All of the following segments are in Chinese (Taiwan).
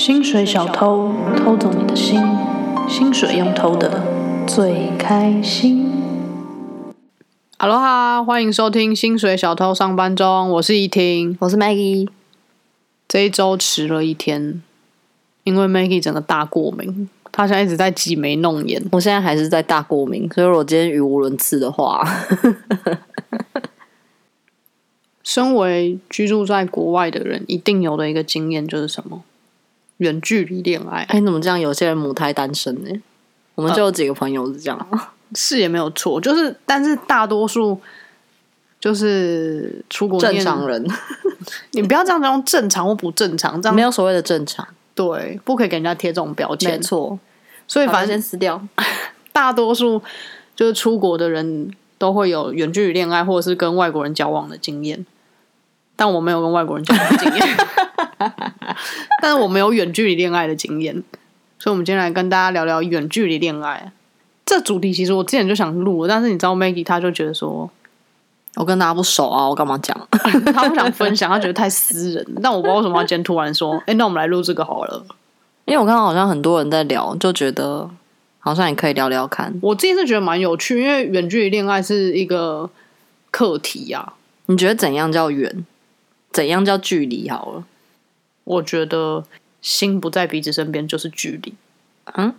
薪水小偷偷走你的心，薪水用偷的最開心。Hello 哈，歡迎收聽《薪水小偷上班中》，我是依婷，我是 Maggie。這一周遲了一天，因為 Maggie 整個大過敏，她現在一直在擠眉弄眼。我現在還是在大過敏，所以我今天語無倫次的話。 身為居住在國外的人，一定有的一個經驗就是什麼？遠距離戀愛、啊，哎、欸，怎麼這樣？有些人母胎單身呢？我們就有幾個朋友是這樣，呃、是也沒有錯，就是但是大多數就是出國正常人， 你不要這樣子用正常或不正常，這樣沒有所謂的正常，對，不可以給人家貼這種標籤，沒錯。所以反正先撕掉。大多數就是出國的人都會有遠距離戀愛，或者是跟外國人交往的經驗，但我沒有跟外國人交往的經驗。 但是我沒有遠距離戀愛的經驗，所以我們今天來跟大家聊聊遠距離戀愛這主題。其實我之前就想錄，但是你知道，Maggie 她就覺得說，我跟大家不熟啊，我幹嘛講？她 不想分享，她覺得太私人。 但我不知道為什麼他今天突然說，哎、欸，那我們來錄這個好了，因為我看到好像很多人在聊，就覺得好像也可以聊聊看。我自己是覺得蠻有趣，因為遠距離戀愛是一個課題呀、啊。你覺得怎樣叫遠？怎樣叫距離？好了。我覺得心不在彼此身邊就是距離，嗯，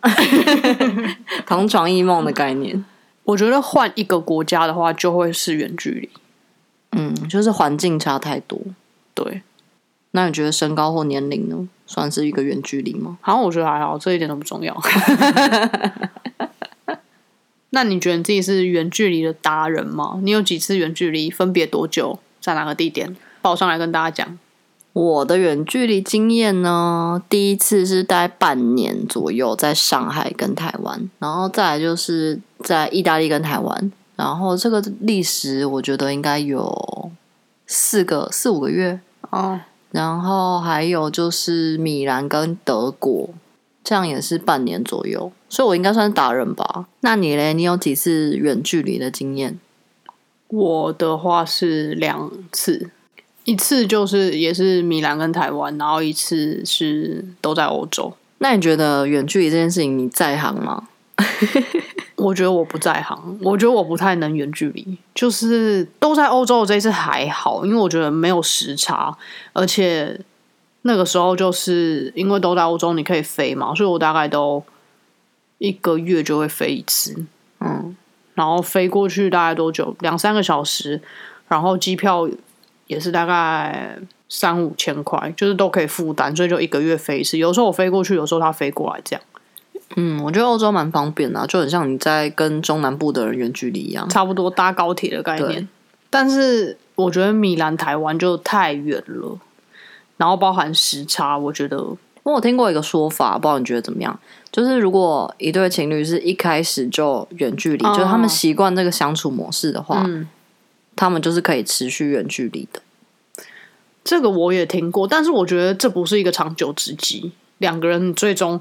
同 床異夢的概念。我覺得換一個國家的話，就會是遠距離。嗯，就是環境差太多。對，那你覺得身高或年齡呢？算是一個遠距離嗎？好像我覺得還好，這一點都不重要。 那你覺得你自己是遠距離的達人嗎？你有幾次遠距離，分別多久，在哪個地點，報上來跟大家講？我的遠距離經驗呢，第一次是待半年左右，在上海跟台灣，然後再來就是在意大利跟台灣，然後這個歷時我覺得應該有四個四五個月哦，然後還有就是米蘭跟德國，這樣也是半年左右，所以我應該算是達人吧？那你嘞，你有幾次遠距離的經驗？我的話是兩次。一次就是也是米蘭跟台灣，然後一次是都在歐洲。那你覺得遠距離這件事情你在行嗎？ 我覺得我不在行，我覺得我不太能遠距離。就是都在歐洲，這一次還好，因為我覺得沒有時差，而且那個時候就是因為都在歐洲，你可以飛嘛，所以我大概都一個月就會飛一次。嗯，然後飛過去大概多久？兩三個小時，然後機票。也是大概三五千塊，就是都可以負擔，所以就一個月飛一次。有時候我飛過去，有時候他飛過來，這樣。嗯，我覺得歐洲蠻方便的，就很像你在跟中南部的人遠距離一樣，差不多搭高鐵的概念。對。但是我覺得米蘭台灣就太遠了，然後包含時差，我覺得。因為我聽過一個說法，不知道你覺得怎麼樣？就是如果一對情侶是一開始就遠距離，嗯、就是他們習慣這個相處模式的話。嗯。他們就是可以持續遠距離的，這個我也聽過，但是我覺得這不是一個長久之計。兩個人最終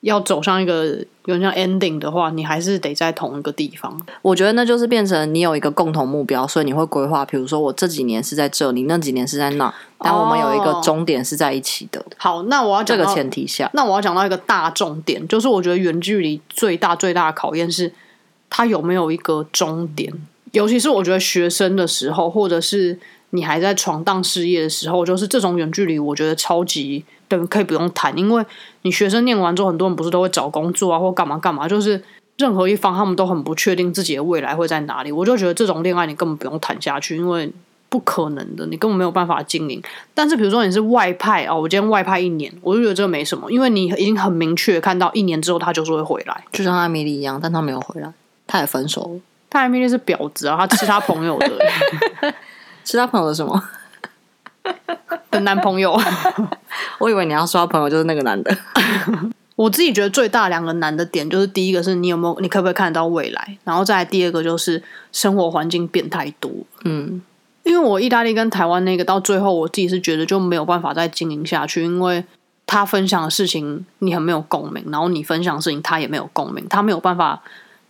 要走向一個有點像 ending 的話，你還是得在同一個地方。我覺得那就是變成你有一個共同目標，所以你會規劃，比如說我這幾年是在這裡，那幾年是在那，但我們有一個終點是在一起的。哦、好，那我要講這個前提下，那我要講到一個大重點，就是我覺得遠距離最大最大的考驗是，他有沒有一個終點。尤其是我覺得學生的時候，或者是你還在闖蕩事業的時候，就是這種遠距離，我覺得超級對，可以不用談，因為你學生念完之後，很多人不是都會找工作啊，或幹嘛幹嘛，就是任何一方他們都很不確定自己的未來會在哪裡。我就覺得這種戀愛你根本不用談下去，因為不可能的，你根本沒有辦法經營。但是比如說你是外派啊、哦，我今天外派一年，我就覺得這個沒什麼，因為你已經很明確看到一年之後他就是會回來，就像艾米麗一樣，但他沒有回來，他也分手了。他明明是婊子啊！他吃他朋友的， 吃他朋友的什麼？的男朋友。 我以為你要刷朋友就是那個男的。 我自己覺得最大的兩個難的點就是，第一個是你有沒有，你可不可以看得到未來？然後再來第二個就是生活環境變太多。嗯，因為我意大利跟台灣那個到最後，我自己是覺得就沒有辦法再經營下去，因為他分享的事情你很沒有共鳴，然後你分享的事情他也沒有共鳴，他沒有辦法。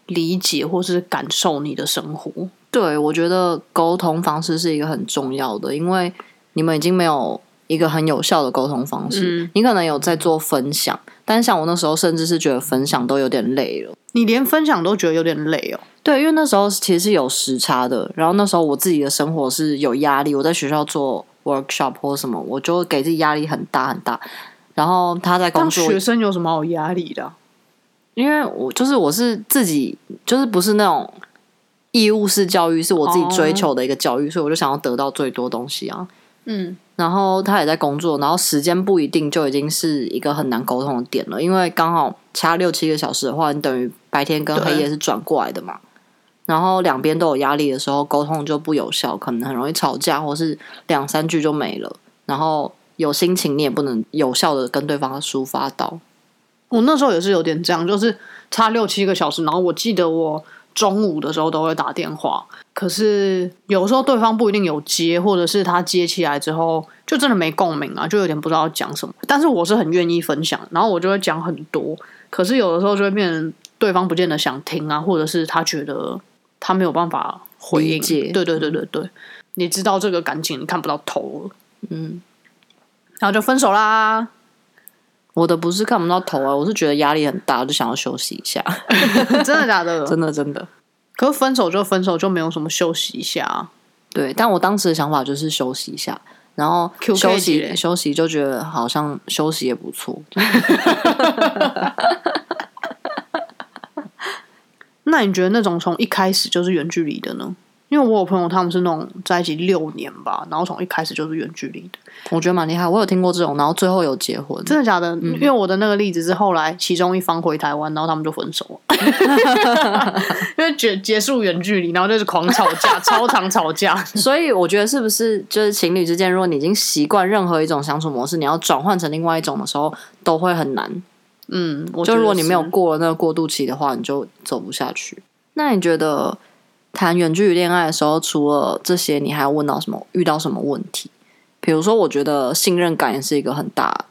理解或是感受你的生活。對，我覺得溝通方式是一個很重要的，因為你們已經沒有一個很有效的溝通方式。嗯，你可能有在做分享，但像我那時候，甚至是覺得分享都有點累了。你連分享都覺得有點累哦？對，因為那時候其實是有時差的，然後那時候我自己的生活是有壓力，我在學校做 workshop 或什麼，我就給自己壓力很大很大。然後他在工作，學生有什麼好壓力的啊？因為我就是我是自己，就是不是那種義務式教育，是我自己追求的一個教育，哦、所以我就想要得到最多東西啊。嗯，然後他也在工作，然後時間不一定就已經是一個很難溝通的點了，因為剛好掐六七個小時的話，你等於白天跟黑夜是轉過來的嘛。對然後兩邊都有壓力的時候，溝通就不有效，可能很容易吵架，或是兩三句就沒了。然後有心情你也不能有效地跟對方抒發到。我那時候也是有點這樣，就是差六七個小時，然後我記得我中午的時候都會打電話，可是有時候對方不一定有接，或者是他接起來之後就真的沒共鳴啊，就有點不知道講什麼。但是我是很願意分享，然後我就會講很多，可是有的時候就會變成對方不見得想聽啊，或者是他覺得他沒有辦法回應。回接。對對對對對，嗯，你知道這個感情你看不到頭了，嗯，然後就分手啦。我的不是看不到頭啊，我是覺得壓力很大，我就想要休息一下。真的假的？真的真的。可是分手就分手，就沒有什麼休息一下啊。對，但我當時的想法就是休息一下，然後休息休息就覺得好像休息也不錯。那你覺得那種從一開始就是遠距離的呢？因為我有朋友，他們是那種在一起六年吧，然後從一開始就是遠距離的，我覺得蠻厲害。我有聽過這種，然後最後有結婚，真的假的？嗯，因為我的那個例子是後來其中一方回台灣，然後他們就分手了，因為結結束遠距離，然後就是狂吵架， 超常吵架。所以我覺得是不是就是情侶之間，如果你已經習慣任何一種相處模式，你要轉換成另外一種的時候，都會很難。嗯，我就如果你沒有過了那個過渡期的話，你就走不下去。那你覺得？談遠距離戀愛的時候，除了這些，你還要問到什麼？遇到什麼問題？比如說，我覺得信任感也是一個很大，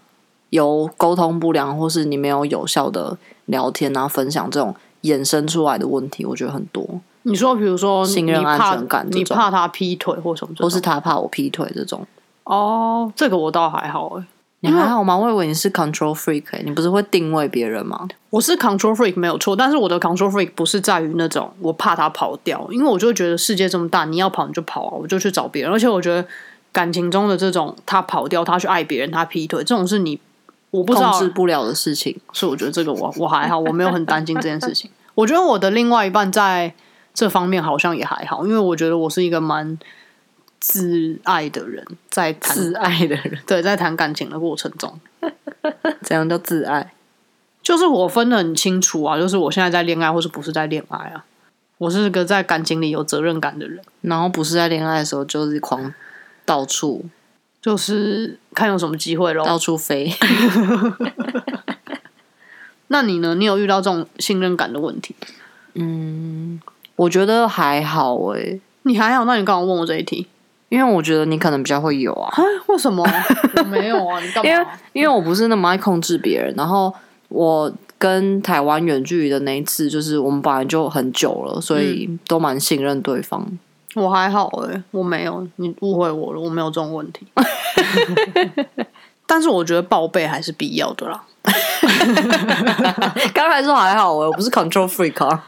由溝通不良，或是你沒有有效的聊天、啊，然後分享這種衍生出來的問題，我覺得很多。你說，比如說信任安全感你，你怕他劈腿或什麼？不是，他怕我劈腿這種。哦，oh, 這個我倒還好誒你還好嗎？我以為你是 control freak 欸，你不是會定位別人嗎？我是 control freak 沒有錯，但是我的 control freak 不是在於那種我怕他跑掉，因為我就覺得世界這麼大，你要跑你就跑啊，我就去找別人。而且我覺得感情中的這種他跑掉，他去愛別人，他劈腿，這種是你我不知道控制不了的事情。所以我覺得這個我我還好，我沒有很擔心這件事情。 我覺得我的另外一半在這方面好像也還好，因為我覺得我是一個蠻。自愛的人，在自愛的人，談的人，對，在談感情的過程中，怎 樣叫自愛？就是我分得很清楚啊，就是我現在在戀愛，或是不是在戀愛啊？我是一個在感情裡有責任感的人，然後不是在戀愛的時候，就是狂到處， 就是看有什麼機會咯，到處飛。 那你呢？你有遇到這種信任感的問題？嗯，我覺得還好誒、欸。你還好？那你剛剛問我這一題？因為我覺得你可能比較會有啊。為什麼？我沒有啊，你幹嘛？因為，因為我不是那麼愛控制別人。然後我跟台灣遠距離的那一次，就是我們本來就很久了，所以都蠻信任對方。嗯、我還好誒、欸，我沒有，你誤會我了，我沒有這種問題。 但是我覺得報備還是必要的啦。剛 才說還好哎、欸，我不是 control freak 啊。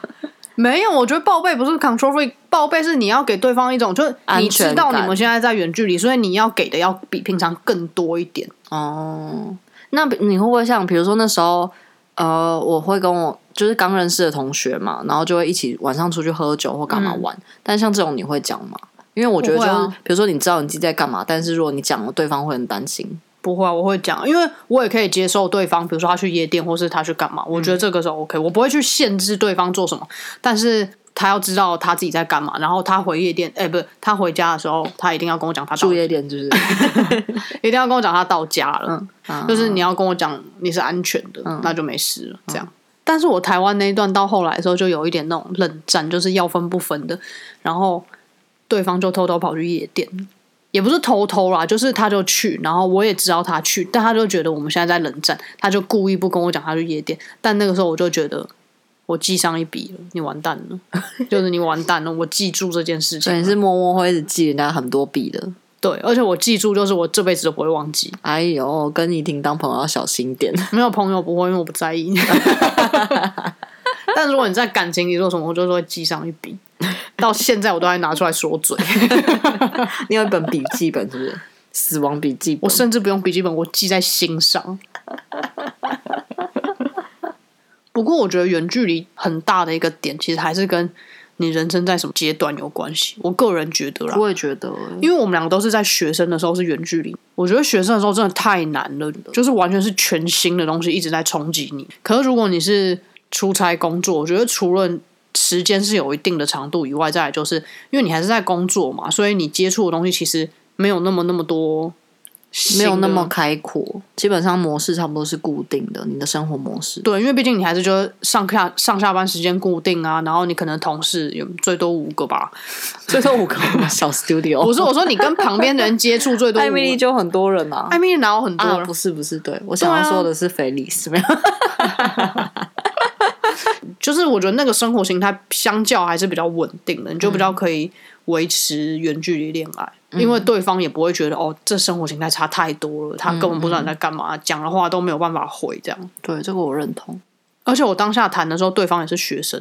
沒有，我覺得報備不是 control free，報備是你要給對方一種，就是你知道你們現在在遠距離，所以你要給的要比平常更多一點。哦，那你會不會像比如說那時候，呃，我會跟我就是剛認識的同學嘛，然後就會一起晚上出去喝酒或幹嘛玩。嗯、但像這種你會講嗎？因為我覺得就是、啊、比如說你知道你自己在幹嘛，但是如果你講了，對方會很擔心。不會啊，我會講，因為我也可以接受對方，比如說他去夜店，或是他去幹嘛，我覺得這個時候 OK，我不會去限制對方做什麼，但是他要知道他自己在幹嘛，然後他回夜店，哎，不是他回家的時候，他一定要跟我講他到家，住夜店，就是？ 一定要跟我講他到家了，嗯、就是你要跟我講你是安全的，嗯、那就沒事了，這樣。嗯、但是我台灣那一段到後來的時候，就有一點那種冷戰，就是要分不分的，然後對方就偷偷跑去夜店。也不是偷偷啦，就是他就去，然後我也知道他去，但他就覺得我們現在在冷戰，他就故意不跟我講他去夜店。但那個時候我就覺得，我記上一筆了，你完蛋了， 就是你完蛋了，我記住這件事情。你是默默會一直記人家很多筆的，對，而且我記住就是我這輩子都不會忘記。哎呦，跟怡婷當朋友要小心點，沒有朋友不會，因為我不在意。 但如果你在感情裡做什麼，我就是會記上一筆。到現在我都還拿出來說嘴， 你有一本筆記本是不是？死亡筆記本，我甚至不用筆記本，我記在心上。 不過我覺得遠距離很大的一個點，其實還是跟你人生在什麼階段有關係。我個人覺得啦，我也覺得，因為我們兩個都是在學生的時候是遠距離，我覺得學生的時候真的太難了，就是完全是全新的東西一直在衝擊你。可是如果你是出差工作，我覺得除了時間是有一定的長度以外，再來就是因為你還是在工作嘛，所以你接觸的東西其實沒有那麼那麼多，的沒有那麼開闊。基本上模式差不多是固定的，你的生活模式。對，因為畢竟你還是就上下上下班時間固定啊，然後你可能同事有最多五個吧， 最多五個小 studio。不是，我說你跟旁邊的人接觸最多，艾米麗就很多人嘛、啊，艾米麗拿我很多人、啊。不是，不是，對，對、啊、我想要說的是菲利斯，沒有。 就是我覺得那個生活形態相較還是比較穩定的，你就比較可以維持遠距離戀愛，嗯、因為對方也不會覺得哦，這生活形態差太多了，他根本不知道你在幹嘛，嗯、講的話都沒有辦法回這樣。對，這個我認同。而且我當下談的時候，對方也是學生，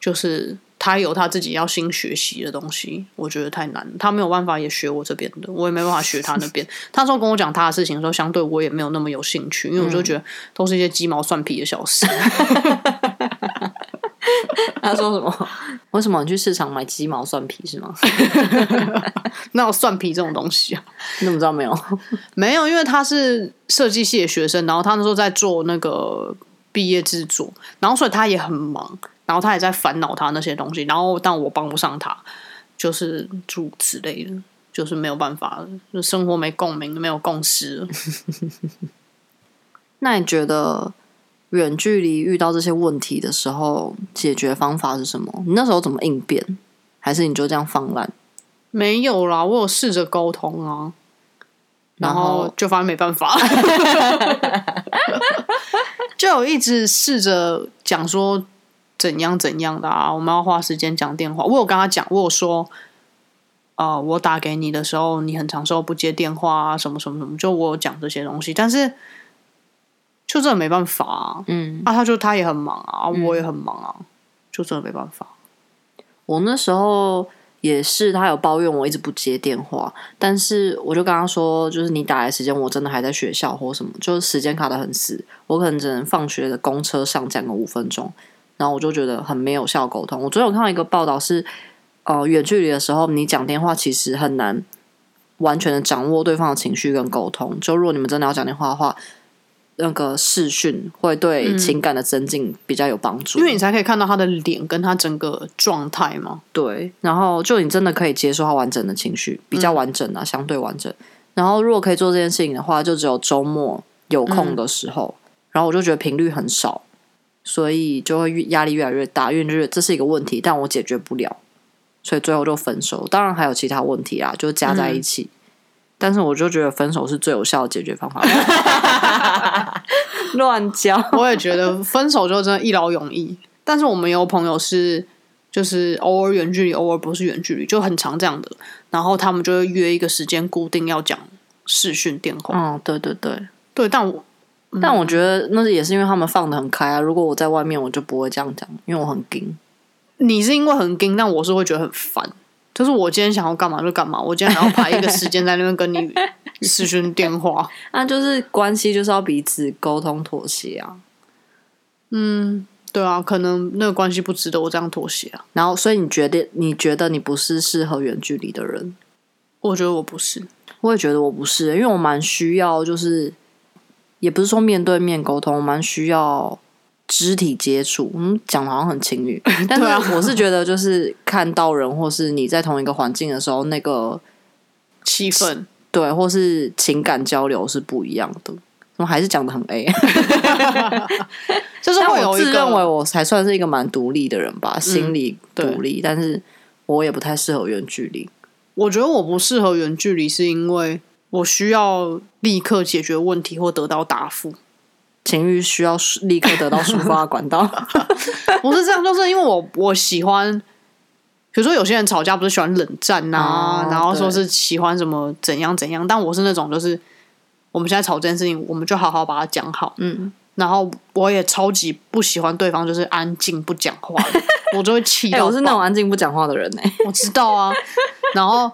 就是他有他自己要新學習的東西，我覺得太難，他沒有辦法也學我這邊的，我也沒辦法學他那邊。 他說跟我講他的事情的時候，相對我也沒有那麼有興趣，因為我就覺得都是一些雞毛蒜皮的小事。 他說什麼？為什麼你去市場買雞毛蒜皮是嗎？ 那有蒜皮這種東西啊？你怎麼知道沒有？沒有，因為他是設計系的學生，然後他那時候在做那個畢業制作，然後所以他也很忙，然後他也在煩惱他那些東西，然後但我幫不上他，就是諸此類的，就是沒有辦法就生活沒共鳴，沒有共識。 那你覺得？遠距離遇到這些問題的時候，解決方法是什麼？你那時候怎麼應變？還是你就這樣放爛？沒有啦，我有試着溝通啊，然後，然後就發現沒辦法， 就有一直試着講說怎樣怎樣的啊，我們要花時間講電話。我有跟他講，我有說，呃，我打給你的時候，你很長時候不接電話啊，什麼什麼什麼，就我有講這些東西，但是。就真的沒辦法啊。嗯，啊，他就他也很忙啊，我也很忙啊，嗯，就真的沒辦法。我那時候也是，他有抱怨我一直不接電話，但是我就跟他說，就是你打來的時間我真的還在學校或什麼，就是時間卡得很死，我可能只能放學的公車上講個五分鐘，然後我就覺得很沒有效溝通。我昨天有看到一個報道是，呃，遠距離的時候你講電話其實很難完全的掌握對方的情緒跟溝通，就如果你們真的要講電話的話。那個視訊會對情感的增進比較有幫助，因為你才可以看到他的臉跟他整個狀態嘛。對，然後就你真的可以接受他完整的情緒，比較完整啊，相對完整。然後如果可以做這件事情的話，就只有週末有空的時候。然後我就覺得頻率很少，所以就會壓力越來越大，因為這是一個問題，但我解決不了，所以最後就分手。當然還有其他問題啦，就加在一起。但是我就覺得分手是最有效的解決方法。 亂講叫 我也覺得分手就真的一勞永逸。但是我們有朋友是，就是偶爾遠距離，偶爾不是遠距離，就很常這樣的。然後他們就會約一個時間固定要講視訊電話。嗯，對對對，對。但我，嗯、但我覺得那也是因為他們放得很開啊。如果我在外面，我就不會這樣講，因為我很 ㄍ。你是因為很 ㄍ，但我是會覺得很煩。就是我今天想要幹嘛就幹嘛，我今天還要排一個時間在那邊跟你， 你視訊電話。 啊，就是關係就是要彼此溝通妥協啊。嗯，對啊，可能那個關係不值得我這樣妥協啊。然後，所以你決定，你覺得你不是適合遠距離的人？我覺得我不是，我也覺得我不是，因為我蠻需要，就是也不是說面對面溝通，蠻需要。肢體接觸，嗯，講得好像很情侶，但是我是覺得就是看到人，或是你在同一個環境的時候，那個對氣氛，對，或是情感交流是不一樣的。怎麼還是講得很 A？ 就是會有一個我自認為我才算是一個蠻獨立的人吧，嗯、心理獨立，對但是我也不太適合遠距離。我覺得我不適合遠距離，是因為我需要立刻解決問題或得到答覆。情慾需要立刻得到抒發管道，我 是這樣，就是因為我我喜歡，比如說有些人吵架不是喜歡冷戰啊，嗯、然後說是喜歡什麼怎樣怎樣，但我是那種就是我們現在吵這件事情，我們就好好把它講好，嗯，嗯然後我也超級不喜歡對方就是安靜不講話的 我就會氣、欸，我是那種安靜不講話的人呢、欸？我知道啊，然後。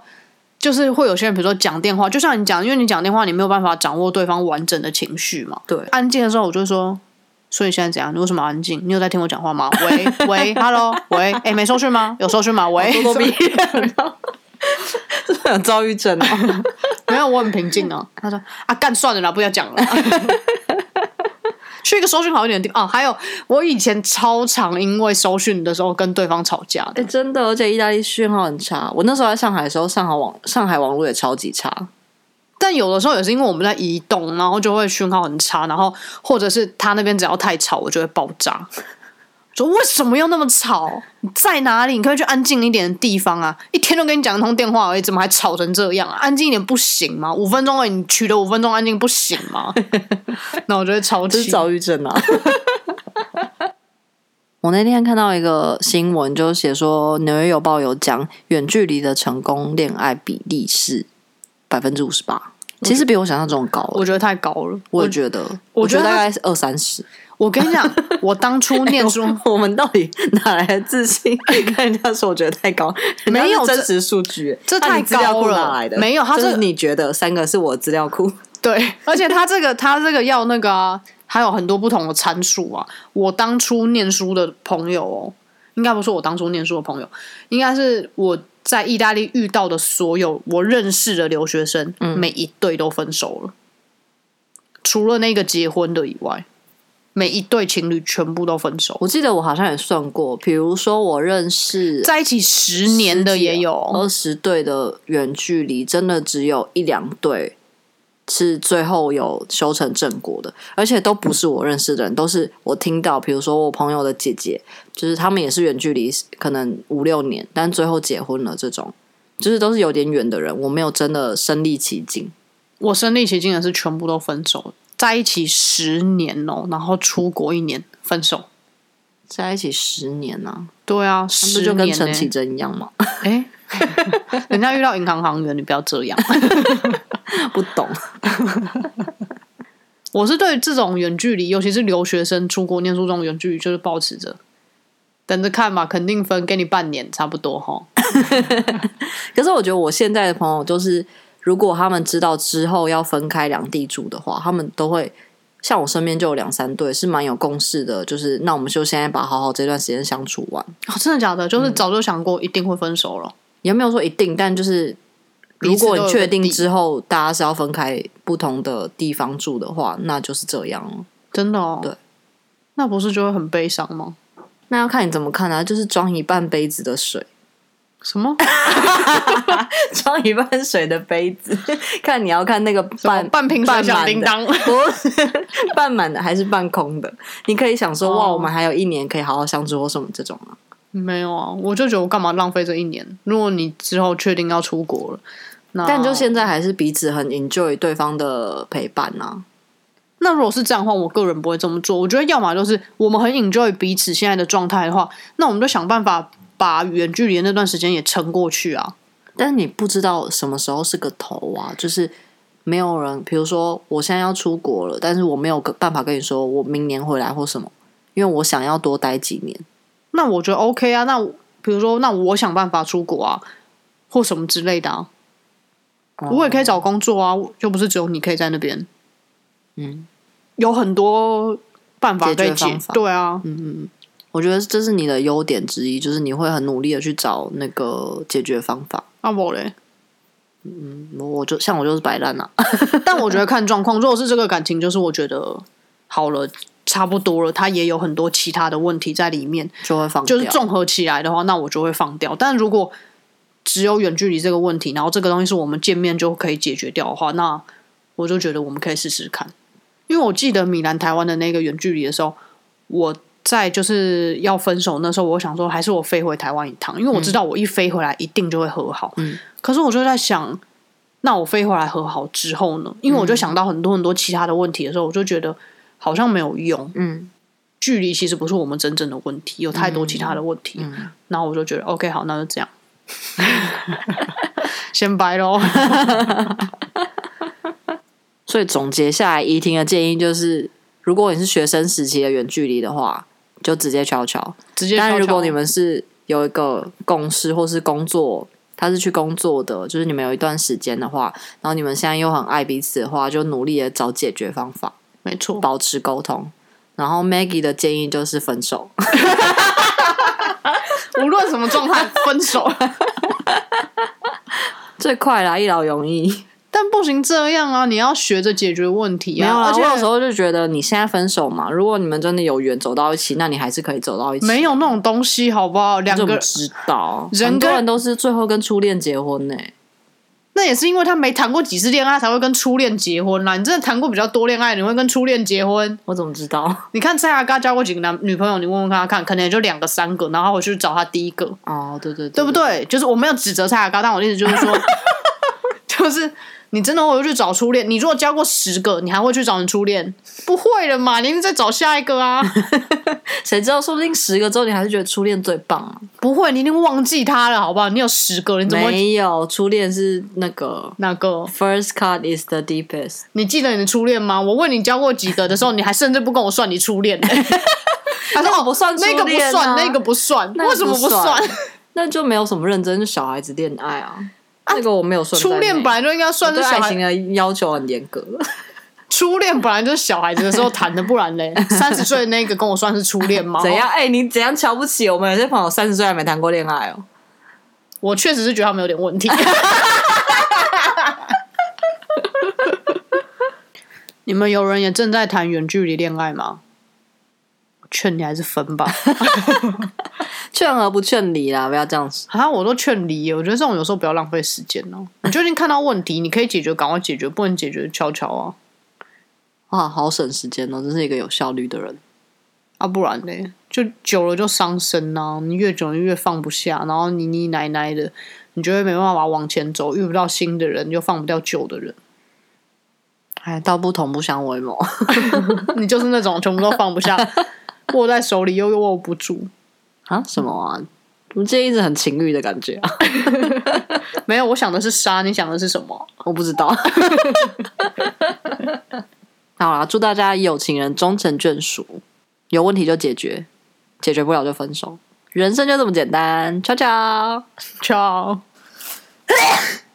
就是會有些人，比如說講電話，就像你講，因為你講電話，你沒有辦法掌握對方完整的情緒嘛。對，安靜的時候我就會說，所以現在怎樣？你為什麼安靜？你有在聽我講話嗎？喂喂，Hello，喂，誒、欸、沒收訊嗎？有收訊嗎？喂，耳朵閉着，這是 有躁鬱症啊？沒有，我很平靜哦、啊。他說啊，幹算了啦，不要講了。 去一個收訊好一點的地方啊！還有，我以前超常因為收訊的時候跟對方吵架。哎、欸，真的，而且意大利訊號很差。我那時候在上海的時候，上海網上海網絡也超級差。但有的時候也是因為我們在移動，然後就會訊號很差。然後或者是他那邊只要太吵，我就會爆炸。說，為什麼要那麼吵？你在哪裡？你可，可以去安靜一點的地方啊！一天都跟你講通電話而已，怎麼還吵成這樣，啊，安靜一點不行嗎？五分鐘而已，你取得五分鐘安靜不行嗎？ 那我覺得超奇。這是躁鬱症啊！ 我那天看到一個新聞，就寫說《紐約郵報》有講遠距離的成功戀愛比例是百分之五十八，其實比我想象中高了。我覺得太高了。我也覺得我，我覺得大概是二三十。我跟你講，我當初念書，欸、我,我們到底哪來的自信你跟人家說我覺得太高？沒有真實數據這，這太高了。沒有，他是,是你覺得三個是我資料庫。對， 而且他這個他這個要那個、啊、還有很多不同的參數啊。我當初念書的朋友哦，應該不是我當初念書的朋友，應該是我在意大利遇到的所有我認識的留學生，嗯、每一對都分手了，除了那個結婚的以外。每一對情侶全部都分手。我記得我好像也算過，比如說我認識在一起十年的也有二十對的遠距離，真的只有一兩對是最後有修成正果的，而且都不是我認識的人，都是我聽到，比如說我朋友的姐姐，就是他們也是遠距離，可能五六年，但最後結婚了，這種就是都是有點遠的人，我沒有真的身歷其境。我身歷其境的是全部都分手。在一起十年哦，然後出國一年分手，在一起十年呢、啊？對啊，是不是就跟陳綺貞一樣嗎？哎、欸，人家 遇到銀行行員，你不要這樣， 不懂。 我是對這種遠距離，尤其是留學生出國念書這種遠距離，就是抱持著，等着看吧，肯定分給你半年差不多哈。 可是我覺得我現在的朋友就是。如果他們知道之後要分開兩地住的話，他們都會像我身邊就有兩三對是蠻有共識的，就是那我們就現在把好好這段時間相處完。哦，真的假的？就是早就想過一定會分手了，嗯，也沒有說一定，但就是如果你確定之後大家是要分開不同的地方住的話，那就是這樣了。真的哦，對，那不是就會很悲傷嗎？那要看你怎麼看啊，就是裝一半杯子的水。什麼？裝 一半水的杯子，看你要看那個半半瓶半小叮當，半滿的還是半空的？你可以想說，哦，哇，我們還有一年可以好好相處，或什麼這種啊？沒有啊，我就覺得我干嘛浪費這一年？如果你之後確定要出國了，那但就現在還是彼此很 enjoy 對方的陪伴啊。那如果是這樣的話，我個人不會這麼做。我覺得，要麼就是我們很 enjoy 彼此現在的狀態的話，那我們就想辦法。把遠距離那段時間也撐過去啊！但是你不知道什麼時候是個頭啊！就是沒有人，比如說我現在要出國了，但是我沒有個辦法跟你說我明年回來或什麼，因為我想要多待幾年。那我覺得 OK 啊。那比如說，那我想辦法出國啊，或什麼之類的啊。我、哦、也可以找工作啊，就不是只有你可以在那邊。嗯，有很多辦法可以解，解對啊，嗯嗯。我覺得這是你的優點之一，就是你會很努力的去找那個解決方法。啊不嘞，咧嗯，我就像我就是擺爛啦。 但我覺得看狀況，如果是這個感情，就是我覺得好了差不多了，它也有很多其他的問題在裡面，就會放掉。就是綜合起來的話，那我就會放掉。但如果只有遠距離這個問題，然後這個東西是我們見面就可以解決掉的話，那我就覺得我們可以試試看。因為我記得米蘭台灣的那個遠距離的時候，我。再就是要分手那時候，我想說還是我飛回台灣一趟，因為我知道我一飛回來一定就會和好。嗯，可是我就在想，那我飛回來和好之後呢？因為我就想到很多很多其他的問題的時候，我就覺得好像沒有用。嗯，距離其實不是我們真正的問題，有太多其他的問題。嗯、然後我就覺得、嗯、OK，好，那就這樣， 先拜嘍囉。 所以總結下來，怡婷的建議就是，如果你是學生時期的遠距離的話。就直接悄悄，直接悄悄。但如果你們是有一個公司或是工作，他是去工作的，就是你們有一段時間的話，然後你們現在又很愛彼此的話，就努力的找解決方法，沒錯，保持溝通。然後 Maggie 的建議就是分手， 無論什麼狀態，分手， 最快啦，一勞永逸。但不行這樣啊！你要學着解決問題啊！而且我有時候就覺得你現在分手嘛，如果你們真的有緣走到一起，那你還是可以走到一起。沒有那種東西，好不好？兩個指導，人跟人都是最後跟初戀結婚呢？欸。那也是因為他沒談過幾次戀愛，才會跟初戀結婚啦。你真的談過比較多戀愛，你會跟初戀結婚？我怎麼知道？你看蔡阿嘎交過幾個男女朋友？你問問看他看，看，可能也就兩個、三個。然後我去找他第一個。哦，對對對，對，對，對不對？就是我沒有指責蔡阿嘎，但我的意思就是說， 就是。你真的，會去找初戀。你如果交過十個，你還會去找你初戀？不會了嘛，你一定再找下一個啊。誰 知道，說不定十個之後你還是覺得初戀最棒、啊。不會，你一定忘記他了，好不好？你有十個，你怎麼會沒有初戀？是那個那個？First cut is the deepest。你記得你的初戀嗎？我問你交過幾個的時候， 你還甚至不跟我算你初戀呢。 他說我不算那個不算那個不算，那為什麼不算？那就沒有什麼認真，小孩子戀愛啊。啊、這個我沒有算。初戀本來就應該算是小孩。對愛情的要求很嚴格。初戀本來就是小孩子的時候談的，不然嘞，三十歲的那個跟我算是初戀嗎、哎？怎樣？哎，你怎樣瞧不起我們有些朋友三十歲還沒談過戀愛哦？我確實是覺得他們有點問題。 你們有人也正在談遠距離戀愛嗎？我勸你還是分吧。 勸和不勸離啦，不要這樣子。像、啊、我都勸離。我覺得這種有時候不要浪費時間哦、啊。你最近看到問題， 你可以解決，趕快解決；不能解決，悄悄啊。啊，好省時間哦，真是一個有效率的人。啊，不然嘞，就久了就傷身吶、啊。你越久越放不下，然後你你奶奶的，你就會沒辦法往前走，遇不到新的人，又放不掉舊的人。哎，道不同不相為謀。 你就是那種全部都放不下， 握在手裡又又握不住。啊，什麼、啊？我、嗯、們今天一直很情欲的感覺啊， 沒有，我想的是殺，你想的是什麼？我不知道。 好啦，祝大家有情人終成眷屬，有問題就解決，解決不了就分手，人生就這麼簡單，悄悄 a